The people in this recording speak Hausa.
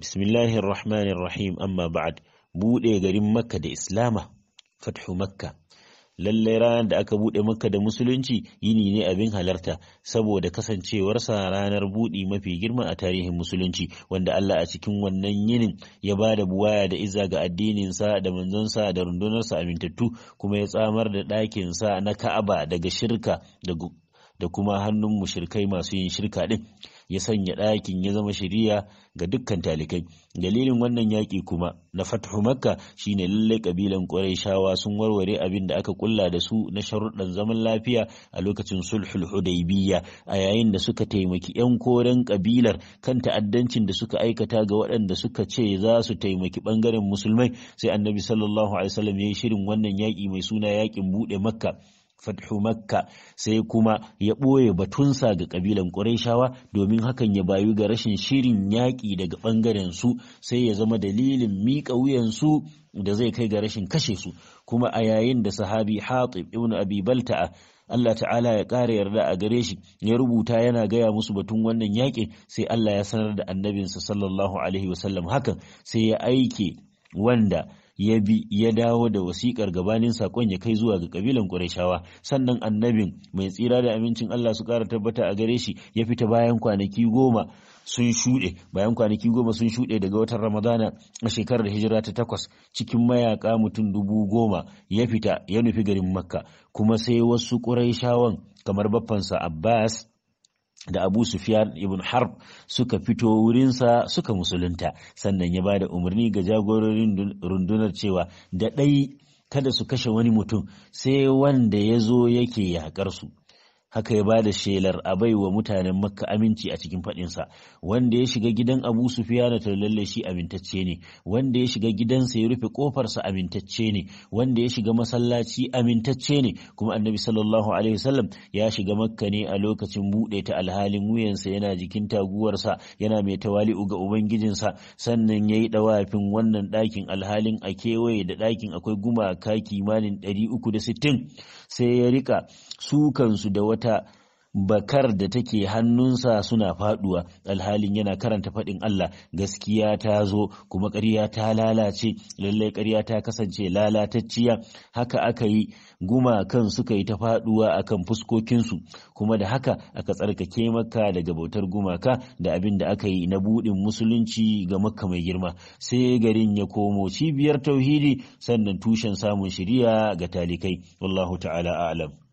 bismillahir rahmanir rahim amma ba'ad bude garin makka da islama fathu makka lallai ranar da aka bude makka da musulunci yini ne abin halarta saboda kasancewarsa ranar budi mafi girma a tarihin musulunci wanda Allah a cikin wannan yinin ya ba da buwaya da izza ga addininsa da manzonsa da rundunarsa amintattu kuma ya tsamar da ɗakinsa na ka'aba daga shirka da da kuma hannun mushirkai masu yin shirka din ya sanya ɗakin ya zama shiriya ga dukkan talikai dalilin wannan yaƙi kuma na fathu makka shine lalle kabilan quraishawa sun warware abin da aka kulla da su na sharuɗan zaman lafiya a lokacin sulhul hudaybiyya a yayin da suka taimaki yan koren kabilar kan ta'addancin da suka aikata ga waɗanda suka ce za su taimaki bangaren musulmai sai annabi sallallahu alaihi wasallam yayi shirin wannan yaƙi mai suna yaƙin buɗe makka fathu makka sai kuma ya ɓoye batunsa ga ƙabilan ƙurayshawa domin hakan ya bayu ga rashin shirin yaƙi daga ɓangaren su sai ya zama dalilin miƙa wuyansu da zai kai ga rashin kashe su kuma a yayin da sahabi hatib ibn abi balta'a Allah ta'ala ya ƙara yarda a gare shi ya rubuta yana gaya musu batun wannan yaƙin sai Allah ya sanar da annabinsa sallallahu alaihi wasallam hakan sai ya aike wanda ya bi ya dawo da wasikar gabanin sakon ya kai zuwa ga kabilan kuraishawa, sannan annabin mai tsira da amincin Allah su ƙara tabbata a gare shi ya fita bayan kwanaki goma sun shuɗe bayan kwanaki goma sun shuɗe daga watan Ramadana a shekarar hijira ta takwas cikin mayaka mutum dubu goma ya fita ya nufi garin Makka kuma sai wasu Qurayshawan kamar baffansa Abbas da Abu Sufyan ibn Harb suka fito wurinsa suka musulunta sannan ya bada umarni ga jagororin rundunar cewa da ɗai kada su kashe wani mutum sai wanda ya zo yake yaƙar su haka ya bada shelar a baiwa mutanen makka aminci a cikin faɗinsa wanda ya shiga gidan abu sufiyana to lalle shi amintacce ne wanda ya shiga gidansa ya rufe kofarsa amintacce ne wanda ya shiga masallaci amintacce ne kuma annabi sallallahu alaihi wasallam ya shiga makka ne a lokacin buɗe ta alhalin wuyansa yana jikin taguwarsa yana mai tawali'u ga ubangijinsa sannan yayi ɗawafin wannan ɗakin alhalin a kewaye da ɗakin akwai gumaka kimanin ɗari uku da sittin sai ya rika sukansu da wata wata bakar da take hannunsa suna faduwa alhalin yana karanta faɗin Allah gaskiya ta zo kuma ƙarya ta lalace lallai ƙarya ta kasance lalatacciya haka aka yi gumakan suka yi ta faduwa akan fuskokinsu kuma da haka aka tsarkake maka daga bautar gumaka da abin da aka yi na buɗin musulunci ga makka mai girma sai garin ya komo cibiyar tauhidi sannan tushen samun shiriya ga talikai wallahu ta'ala a'lam